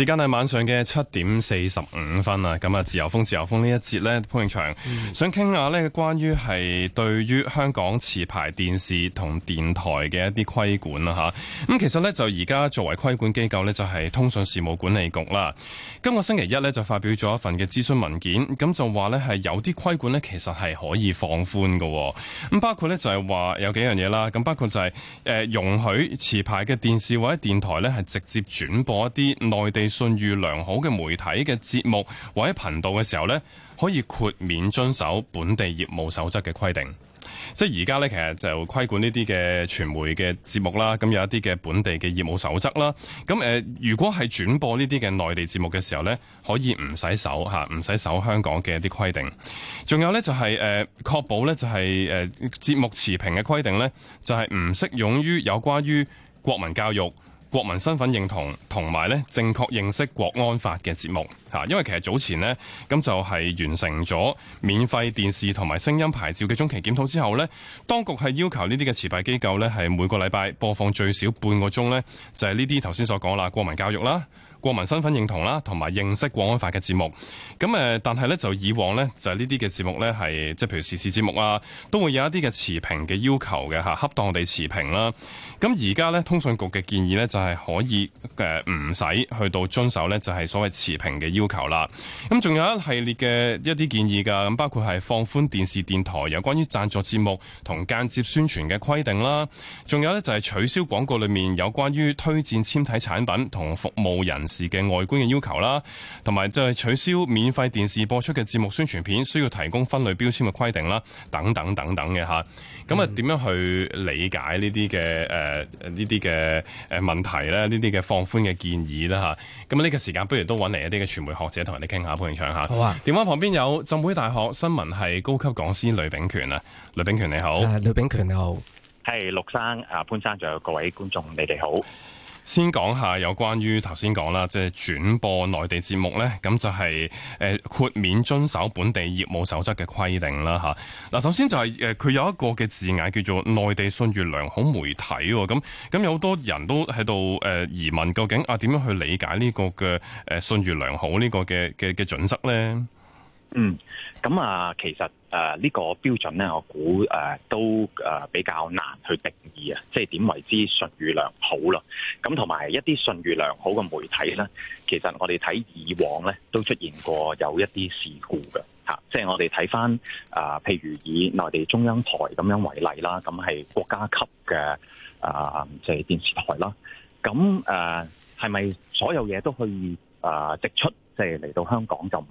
時間係晚上嘅七點四十五分啊！咁啊，自由風自由風呢一節呢，潘永祥想傾下呢關於係對於香港持牌電視同電台嘅一啲規管啦吓，咁其實呢，就而家作為規管機構呢，就係通訊事務管理局啦。今個星期一呢，就發表咗一份嘅諮詢文件，咁就話呢，係有啲規管呢，其實係可以放寬㗎。咁包括呢，就係話有幾樣嘢啦，咁包括就係誒容許持牌嘅電視或者電台呢，係直接轉播一啲內地信譽良好嘅媒體嘅節目或者頻道嘅時候呢，可以豁免遵守本地業務守則嘅規定。即係而家呢，其實就規管呢啲嘅傳媒嘅節目啦，咁有一啲嘅本地嘅業務守則啦。咁誒，如果係轉播呢啲嘅內地節目嘅時候呢，可以唔使守吓，唔使守香港嘅一啲規定。仲有呢，就係誒，確保呢，就係誒節目持平嘅規定呢，就係唔適用於有關於國民教育國民身份認同同埋咧，正確認識國安法嘅節目吓，因為其實早前呢，咁就係完成咗免費電視同埋聲音牌照嘅中期檢討之後呢，當局係要求呢啲嘅持牌機構呢，係每個禮拜播放最少半個鐘呢，就係呢啲頭先所講啦，國民教育啦。國民身份認同啦，同埋認識國安法嘅節目。咁但係咧就以往呢，就呢啲嘅節目呢，係即係譬如時事節目啊，都會有一啲嘅持平嘅要求嘅嚇，恰當地持平啦。咁而家呢，通訊局嘅建議呢，就係可以唔使去到遵守呢，就係所謂持平嘅要求啦。咁仲有一系列嘅一啲建議㗎，咁包括係放寬電視電台有關於贊助節目同間接宣傳嘅規定啦。仲有呢，就係取消廣告裏面有關於推薦簽體產品同服務人。事嘅外觀嘅要求啦，同埋就係取消免費電視播出嘅節目宣傳片需要提供分類標籤嘅規定啦，等等等等嘅吓。咁啊、嗯，點樣去理解呢啲嘅誒呢啲嘅誒問題咧？呢啲嘅放寬嘅建議咧吓。咁呢個時間不如都揾嚟一啲嘅傳媒學者同人哋傾下，潘院長吓。好啊，電話旁邊有浸會大學新聞系高級講師呂秉權啊，呂秉權你好，呂、呃、秉權你好，係陸生啊，潘生仲有各位觀眾你哋好。先講下有關於頭先講啦，即係轉播內地節目呢，咁就係誒豁免遵守本地業務守則嘅規定啦，嚇。嗱，首先就係誒佢有一個嘅字眼叫做內地信譽良好媒體喎，咁咁有好多人都喺度誒疑問，究竟啊點樣去理解呢個嘅誒信譽良好呢個嘅嘅嘅準則呢？嗯，咁啊，其實。誒呢、呃這個標準咧，我估誒、呃、都誒、呃、比較難去定義啊，即係點為之信譽良好啦。咁同埋一啲信譽良好嘅媒體咧，其實我哋睇以往咧都出現過有一啲事故嘅、啊、即係我哋睇翻啊，譬如以內地中央台咁樣為例啦，咁係國家級嘅啊，即、呃、係、就是、電視台啦。咁誒係咪所有嘢都可以直、呃、出？即係嚟到香港就唔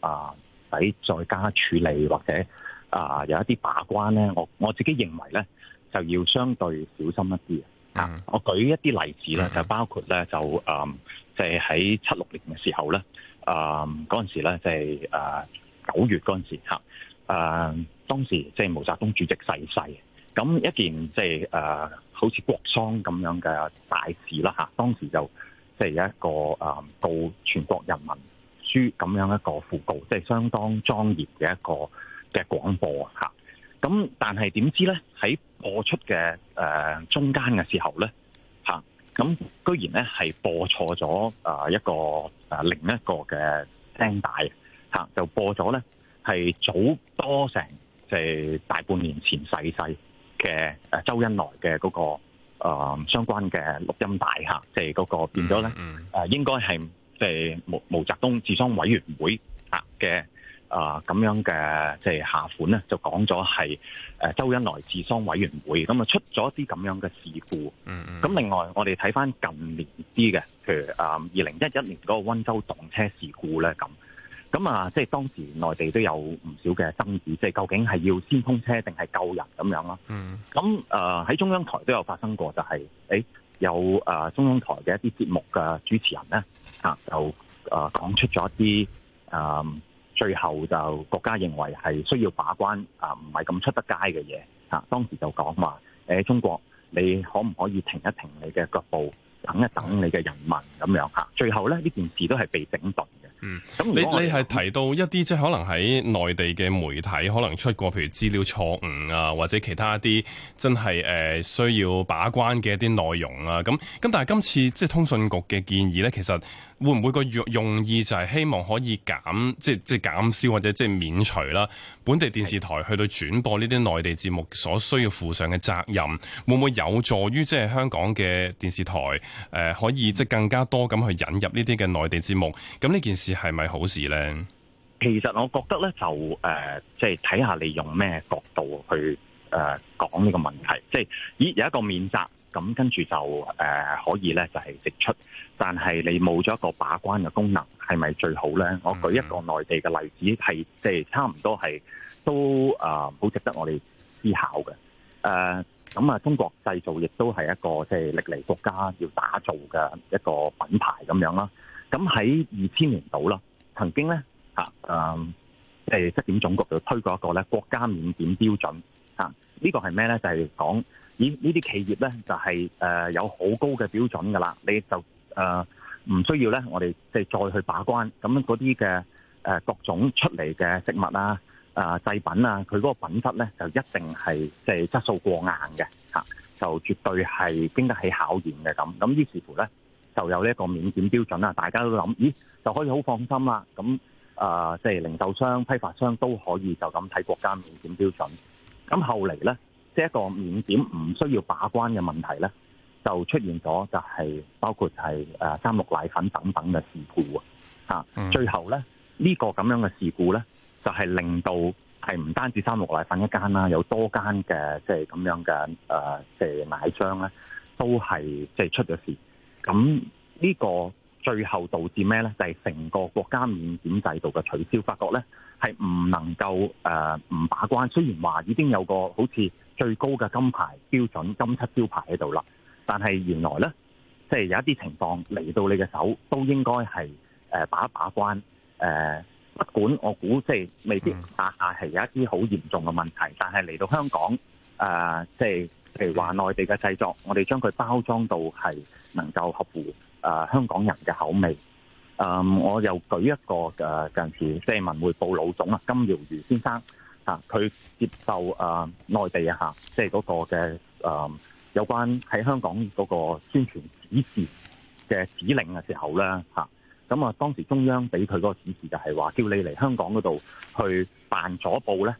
啊？呃底再加處理或者啊、呃、有一啲把關咧，我我自己認為咧就要相對小心一啲啊！我舉一啲例子咧，就包括咧就誒，即係喺七六年嘅時候咧、呃就是呃，啊嗰陣時咧即係誒九月嗰陣時嚇，誒當時即係毛澤東主席逝世，世，咁一件即係誒好似國喪咁樣嘅大事啦嚇，當時就即係有一個誒告、呃、全國人民。咁樣一個訃告，即係相當莊嚴嘅一個嘅廣播嚇。咁、啊、但係點知咧喺播出嘅誒、呃、中間嘅時候咧嚇，咁、啊啊、居然咧係播錯咗啊一個啊另一個嘅聲帶嚇，就播咗咧係早多成即係、就是、大半年前逝世嘅誒周恩來嘅嗰、那個、呃、相關嘅錄音帶嚇，即係嗰個變咗咧誒應該係。即係毛毛澤東治喪委員會啊嘅咁樣嘅即係下款咧，就講咗係周恩來治喪委員會，咁啊出咗啲咁樣嘅事故。嗯咁、mm hmm. 另外我哋睇翻近年啲嘅，譬如啊二零一一年嗰個溫州動車事故咧，咁咁啊即係當時內地都有唔少嘅爭議，即係究竟係要先通車定係救人咁樣咯。嗯、mm。咁誒喺中央台都有發生過、就是，就係有誒、呃、中央台嘅一啲節目嘅主持人咧。啊，就啊講、呃、出咗一啲啊、嗯，最後就國家認為係需要把關啊，唔係咁出得街嘅嘢啊。當時就講話，誒、欸，中國你可唔可以停一停你嘅腳步，等一等你嘅人民咁樣吓、啊。最後咧，呢件事都係被整頓嘅。嗯，你你係提到一啲即係可能喺內地嘅媒體可能出過譬如資料錯誤啊，或者其他一啲真係誒、呃、需要把關嘅一啲內容啊，咁咁但係今次即係通訊局嘅建議咧，其實。會唔會個用意就係希望可以減，即、就、即、係、減少或者即免除啦？本地電視台去到轉播呢啲內地節目所需要負上嘅責任，會唔會有助於即係香港嘅電視台誒，可以即更加多咁去引入呢啲嘅內地節目？咁呢件事係咪好事呢？其實我覺得呢、呃，就誒，即係睇下你用咩角度去誒、呃、講呢個問題。即係咦，有一個免責。咁跟住就誒可以咧，就係直出，但係你冇咗一個把關嘅功能，係咪最好咧？我舉一個內地嘅例子，係即係差唔多，係都啊好值得我哋思考嘅，誒咁啊，中國製造亦都係一個即係歷嚟國家要打造嘅一個品牌咁樣啦。咁喺二千年度啦，曾經咧嚇誒質檢總局就推過一個咧國家免檢標準啊，呢個係咩咧？就係講。咦？呢啲企業咧就係誒有好高嘅標準㗎喇，你就誒唔需要咧，我哋即係再去把關。咁嗰啲嘅誒各種出嚟嘅食物啊、誒製品啊，佢嗰個品質咧就一定係即係質素過硬嘅吓，就絕對係經得起考驗嘅咁。咁於是乎咧就有呢一個免檢標準啦，大家都諗咦就可以好放心啦。咁誒即係零售商、批發商都可以就咁睇國家免檢標準。咁後嚟咧。即一個免檢唔需要把關嘅問題咧，就出現咗，就係包括係誒三鹿奶粉等等嘅事故啊！嗯、最後咧，呢、這個咁樣嘅事故咧，就係、是、令到係唔單止三鹿奶粉一間啦，有多間嘅即係咁樣嘅誒嘅奶商咧，都係即係出咗事。咁、啊、呢、這個最後導致咩咧？就係、是、成個國家免檢制度嘅取消，發覺咧係唔能夠誒唔把關。雖然話已經有個好似～最高嘅金牌標準、金漆招牌喺度啦，但係原來呢，即係有一啲情況嚟到你嘅手，都應該係誒把把關誒。不管我估即係未必啊，係有一啲好嚴重嘅問題，但係嚟到香港誒，即係譬如話內地嘅製作，我哋將佢包裝到係能夠合乎誒香港人嘅口味。誒，我又舉一個誒近時即係文匯報老總啊，金堯如先生。啊！佢接受啊，內地啊嚇，即係嗰個嘅誒有關喺香港嗰個宣傳指示嘅指令嘅時候咧嚇，咁啊當時中央俾佢嗰個指示就係話，叫你嚟香港嗰度去辦左報咧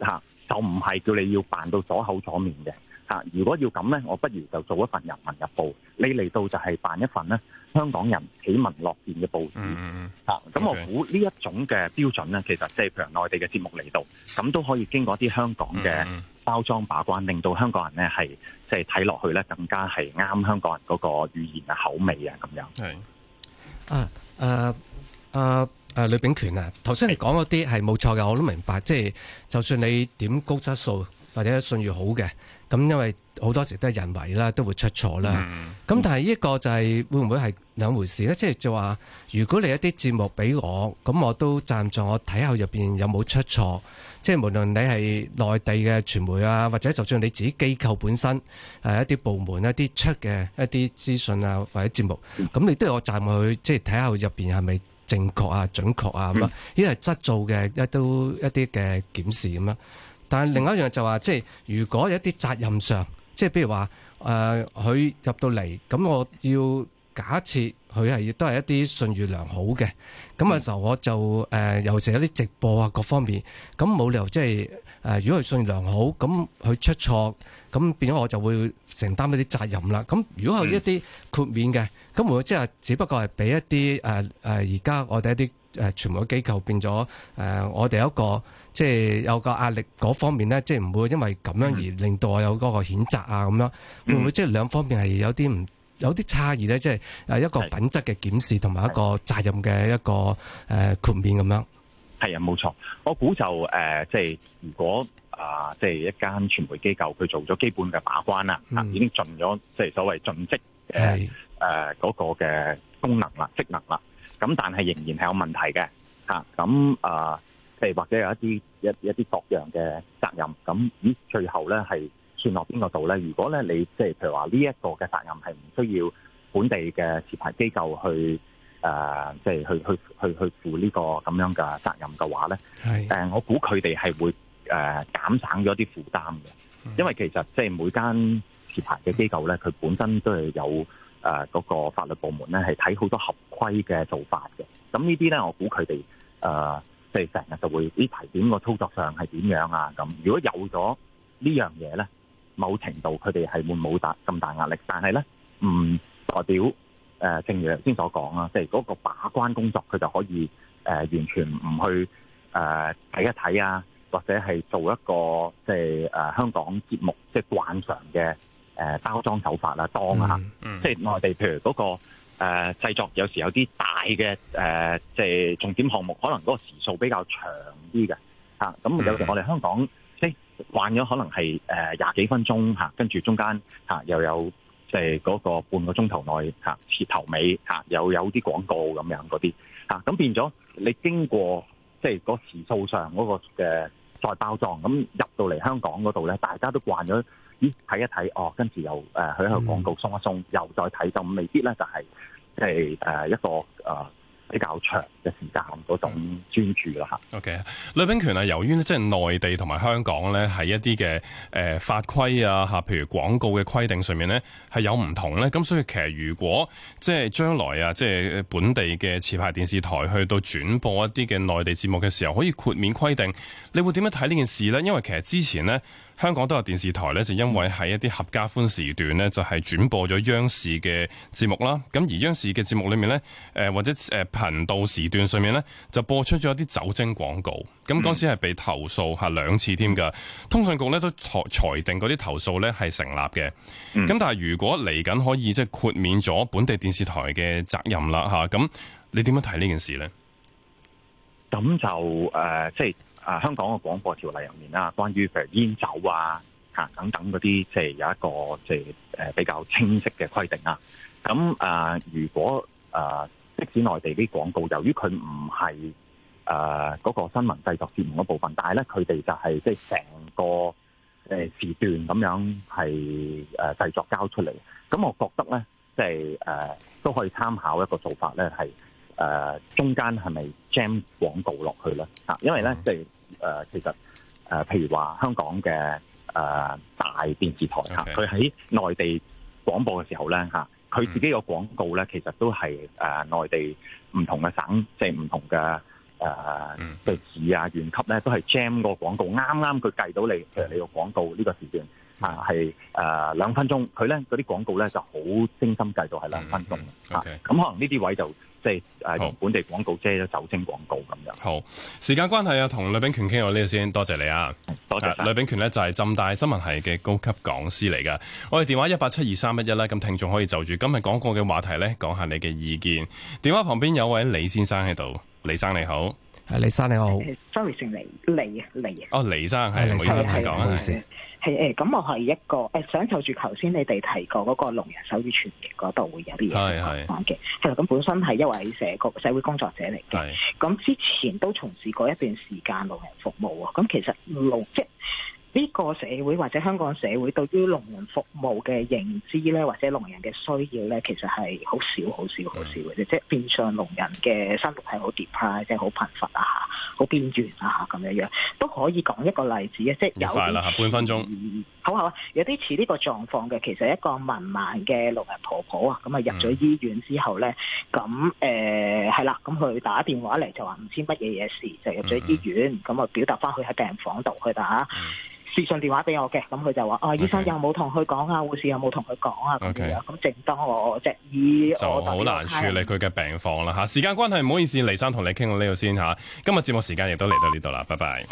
嚇，就唔係叫你要辦到左口左面嘅。啊！如果要咁咧，我不如就做一份《人民日報》。你嚟到就係辦一份咧香港人喜聞樂見嘅報紙。嗯嗯嗯。啊，咁我估呢一種嘅標準咧，其實即係譬如內地嘅節目嚟到，咁都可以經過一啲香港嘅包裝把關，令到香港人咧係即係睇落去咧更加係啱香港人嗰個語言嘅口味啊咁樣。係。啊啊啊啊！呂秉權啊，頭先你講嗰啲係冇錯嘅，我都明白。即係就算你點高質素或者信譽好嘅。咁因為好多時都係人為啦，都會出錯啦。咁、嗯嗯、但係呢個就係會唔會係兩回事咧？即係就話、是，如果你一啲節目俾我，咁我都站在我睇下入面有冇出錯。即、就、係、是、無論你係內地嘅傳媒啊，或者就算你自己機構本身一啲部門一啲出嘅一啲資訊啊或者節目，咁你都係我站去即係睇下入面係咪正確啊準確啊咁啊？呢個係質造嘅一都一啲嘅檢視咁。但係另一樣就話，即係如果有一啲責任上，即係譬如話，誒、呃、佢入到嚟，咁我要假設佢係亦都係一啲信譽良好嘅，咁有時候我就誒尤其有啲直播啊各方面，咁冇理由即係誒如果佢信譽良好，咁佢出錯，咁變咗我就會承擔一啲責任啦。咁如果係一啲豁免嘅，咁如果即係只不過係俾一啲誒誒而家我哋一啲。誒，傳媒機構變咗，誒，我哋一個即係有個壓力嗰方面咧，即係唔會因為咁樣而令到我有嗰個譴責啊，咁樣會唔會即係兩方面係有啲唔有啲差異咧？即係誒一個品質嘅檢視同埋一個責任嘅一個誒豁免咁樣。係啊，冇錯。我估就誒，即係如果啊，即係一間傳媒機構佢做咗基本嘅把關啦，啊，已經盡咗即係所謂盡職誒誒嗰個嘅功能啦、職能啦。咁但係仍然係有問題嘅，嚇咁啊，譬如或者有一啲一一啲各樣嘅責任，咁最後咧係算落邊個度咧？如果咧你即係譬如話呢一個嘅責任係唔需要本地嘅持牌機構去誒，即係去去去去負呢個咁樣嘅責任嘅話咧，係誒我估佢哋係會誒減省咗啲負擔嘅，因為其實即係每間持牌嘅機構咧，佢本身都係有。誒嗰、呃嗰個法律部門咧，係睇好多合規嘅做法嘅。咁呢啲咧，我估佢哋誒即係成日就會呢提點個操作上係點樣啊？咁如果有咗呢樣嘢咧，某程度佢哋係會冇大咁大壓力。但係咧，唔代表誒、呃，正如頭先所講啊，即係嗰個把關工作，佢就可以誒、呃、完全唔去誒睇、呃、一睇啊，或者係做一個即係誒香港節目即係、就是、慣常嘅。包裝手法啦，當下，嗯嗯、即係內地，譬如嗰、嗰個製、呃、製作，有時有啲大嘅、呃、即係重點項目，可能嗰個時數比較長啲嘅嚇。咁、啊、有時我哋香港，誒慣咗可能係誒廿幾分鐘跟住、啊、中間、啊、又有即係嗰、嗰個半個鐘頭內切、啊、頭尾、啊、又有啲廣告咁樣嗰啲嚇。咁、啊、變咗你經過即係嗰時數上嗰個嘅再包裝，咁入到嚟香港嗰度咧，大家都慣咗。睇、嗯、一睇哦，跟住又誒、呃、去一個廣告鬆一鬆，嗯、又再睇就未必咧、就是，就係即係誒一個誒、呃、比較長嘅時間嗰種專注啦嚇。OK，呂秉權啊，由於即係、就是、內地同埋香港咧喺一啲嘅誒法規啊嚇，譬如廣告嘅規定上面咧係有唔同咧，咁所以其實如果即係將來啊，即係本地嘅持牌電視台去到轉播一啲嘅內地節目嘅時候，可以豁免規定，你會點樣睇呢件事咧？因為其實之前咧。香港都有電視台咧，就因為喺一啲合家歡時段咧，就係轉播咗央視嘅節目啦。咁而央視嘅節目裏面咧，誒或者誒頻道時段上面咧，就播出咗一啲酒精廣告。咁嗰陣時係被投訴嚇兩次添㗎，通訊局咧都裁裁定嗰啲投訴咧係成立嘅。咁但係如果嚟緊可以即係豁免咗本地電視台嘅責任啦嚇，咁你點樣睇呢件事咧？咁就誒即係。嗯啊、呃，香港嘅廣播條例入面啦，關於譬如煙酒啊、嚇等等嗰啲，即、就、係、是、有一個即係誒比較清晰嘅規定啊。咁啊、呃，如果啊、呃、即使內地啲廣告，由於佢唔係誒嗰個新聞製作節目嘅部分，但係咧佢哋就係即係成個誒、呃、時段咁樣係誒、呃、製作交出嚟。咁我覺得咧，即係誒都可以參考一個做法咧，係。誒、呃、中間係咪 jam 廣告落去咧？啊，因為咧，即係誒，其實誒、呃，譬如話香港嘅誒、呃、大電視台嚇，佢、啊、喺 Okay. 內地廣播嘅時候咧嚇，佢、啊、自己個廣告咧，其實都係誒、呃、內地唔同嘅省，即係唔同嘅誒、呃 mm hmm. 地市啊、縣級咧，都係 jam 個廣告，啱啱佢計到你，譬、mm hmm. 你個廣告呢個時段啊，係誒、呃、兩分鐘，佢咧嗰啲廣告咧就好精心計到係兩分鐘、mm hmm. okay. 啊，咁、嗯、可能呢啲位就。.即係本地廣告好遮咗酒精廣告咁樣。好，時間關係啊，同呂秉權傾到呢度先，多謝你啊，多謝。呂、呃、秉權呢就係、是、浸大新聞系嘅高級講師嚟噶。我哋電話一八七二三一一啦，咁聽眾可以就住今日講過嘅話題呢講下你嘅意見。電話旁邊有位李先生喺度，李生你好。李生你好，sorry 姓李。李，啊，黎啊。哦、oh, 李生係唔是好意思，係講唔好意思，係誒，咁我係一個誒，想就住頭先你哋提過嗰個聾人手語傳譯嗰度會有啲嘢嘅情況嘅。其實咁本身係一位社工、社會工作者嚟嘅，咁是之前都從事過一段時間聾人服務啊。咁其實聾即呢個社會或者香港社會對於農人服務嘅認知咧，或者農人嘅需要咧，其實係好少、好少、好少、好少、嗯、好少嘅啫。即係變相農人嘅生活係好 deprive，即係好貧乏啊，好邊緣啊，咁樣樣都可以講一個例子嘅，即係快啦，半分鐘。嗯有啲似呢個狀況嘅，其實一個文盲嘅老人婆婆啊，咁啊入咗醫院之後咧，咁誒係啦，咁佢、嗯、打電話嚟就話唔知乜嘢嘢事就入咗醫院，咁啊、嗯、表達翻佢喺病房度佢打吓，嗯、視訊電話俾我嘅，咁佢就話哦 okay, 醫生有冇同佢講啊，護士有冇同佢講啊咁 okay, 正當我只醫就好難處理佢嘅病房啦吓，時間關係唔好意思，呂生同你傾到呢度先吓，今日節目時間亦都嚟到呢度啦，拜拜。